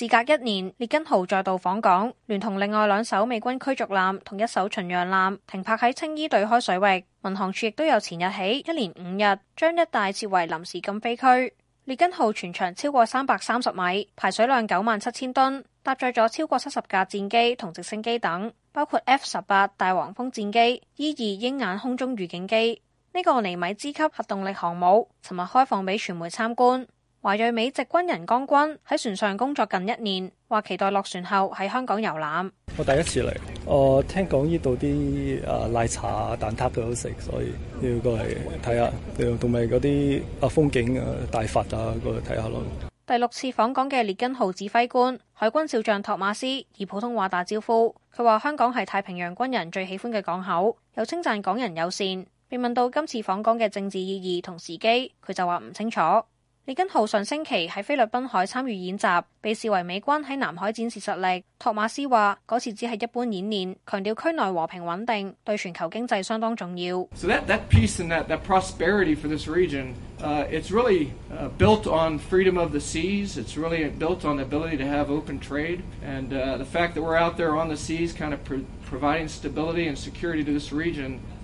事隔一年，列根號再度訪港，聯同另外兩艘美軍驅逐艦同一艘巡洋艦停泊喺青衣對開水域。民航處亦都由前日起一連五日將一帶設為臨時禁飛區。列根號全長超過三百三十米，排水量九萬七千噸，搭載咗超過七十架戰機同直升機等，包括 F 十八大黃蜂戰機、E 二鷹眼空中預警機。呢、這個尼米茲級核動力航母尋日開放俾傳媒參觀。華裔美籍軍人江軍喺船上工作近一年，話期待落船後喺香港遊覽。我第一次嚟，我聽講呢度啲誒奶茶、蛋撻都好食，所以要過嚟睇下，同埋嗰啲啊風景啊大佛啊過嚟睇下咯。看看第六次訪港嘅列根號指揮官海軍少將托馬斯，以普通話打招呼，佢話香港係太平洋軍人最喜歡嘅港口，又稱讚港人友善。被問到今次訪港嘅政治意義同時機，佢就話唔清楚。列根號上星期喺菲律賓海參與演習，被視為美軍喺南海展示實力。托馬斯話嗰次只係一般演練，強調區內和平穩定對全球經濟相當重要。So that, that peace and that, that prosperity for this region, uh, it's really, uh, built on freedom of the seas, it's really built on the ability to have open trade, and, uh, the fact that we're out there on the seas kind of providing stability and security to this region,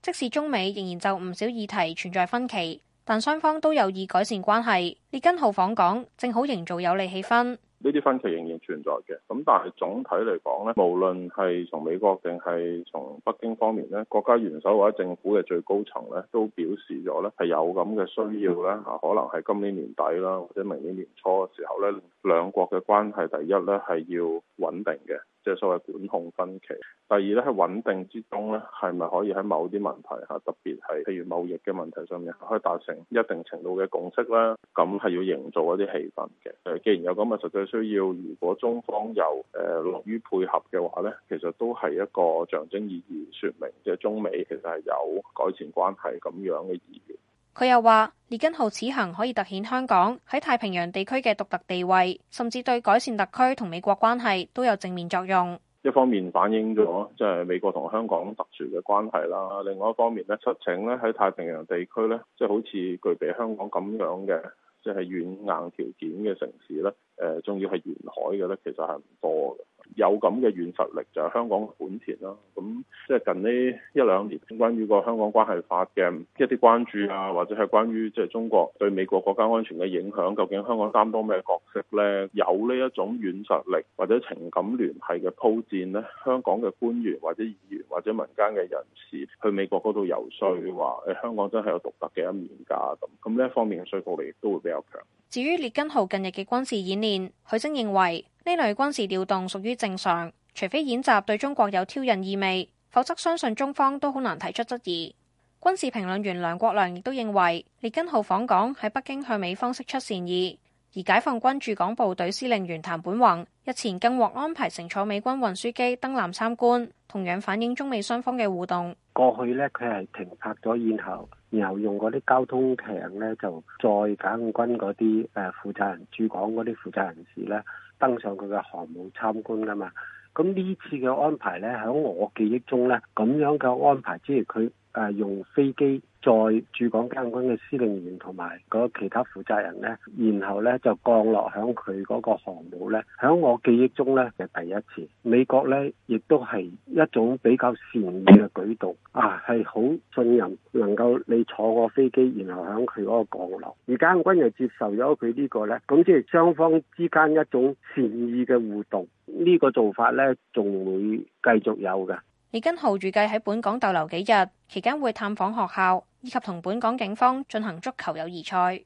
即使中美仍然就唔少議題存在分歧，但雙方都有意改善關係。列根號訪港，正好營造有利氣氛。呢啲分歧仍然存在嘅，咁但係總體嚟講咧，無論係從美國定係從北京方面咧，國家元首或者政府嘅最高層咧，都表示咗咧係有咁嘅需要咧，吓可能係今年年底啦，或者明年年初嘅時候咧，兩國嘅關係第一咧係要穩定嘅。即係所謂管控分歧。第二咧，喺穩定之中咧，係咪可以喺某啲問題下，特別係譬如貿易嘅問題上面，可以達成一定程度嘅共識咧？咁係要營造一啲氣氛嘅。誒，既然有咁嘅實際需要，如果中方有誒樂、呃、於配合嘅話咧，其實都係一個象徵意義說，説明即係中美其實係有改善關係咁樣嘅意義。佢又話：列根號此行可以突顯香港喺太平洋地區嘅獨特地位，甚至對改善特區同美國關係都有正面作用。一方面反映咗即係美國同香港特殊嘅關係啦，另外一方面咧，出請咧喺太平洋地區咧，即係好似具備香港咁樣嘅即係軟硬條件嘅城市咧，誒，仲要係沿海嘅咧，其實係唔多嘅。有咁嘅軟實力就係香港本錢啦。咁即係近呢一兩年，關於個香港關係法嘅一啲關注啊，或者係關於即係中國對美國國家安全嘅影響，究竟香港擔當咩角色咧？有呢一種軟實力或者情感聯繫嘅鋪墊咧，香港嘅官員或者議員或者民間嘅人士去美國嗰度游說，話誒香港真係有獨特嘅一面㗎。咁咁呢一方面嘅說服力亦都會比較強。至於列根號近日嘅軍事演練，許生認為。呢類軍事調動屬於正常，除非演習對中國有挑釁意味，否則相信中方都好難提出質疑。軍事評論員梁國良亦都認為，列根號訪港喺北京向美方釋出善意，而解放軍駐港部隊司令員譚本宏日前更獲安排乘坐美軍運輸機登艦參觀，同樣反映中美雙方嘅互動。過去呢，佢係停泊咗，然後然後用嗰啲交通艇呢，就再解放軍嗰啲誒負責人駐港嗰啲負責人士呢，登上佢嘅航母參觀噶嘛。咁呢次嘅安排呢，喺我記憶中呢，咁樣嘅安排即係佢。誒，用飛機載駐港監軍軍嘅司令員同埋嗰其他負責人呢，然後呢就降落響佢嗰個航母呢。響我記憶中呢，係第一次。美國呢亦都係一種比較善意嘅舉動啊，係好信任能夠你坐個飛機，然後響佢嗰個降落。而監軍又接受咗佢呢個呢，咁即係雙方之間一種善意嘅互動。呢、呢個做法呢，仲會繼續有嘅。列根號預計喺本港逗留幾日，期間會探訪學校，以及同本港警方進行足球友誼賽。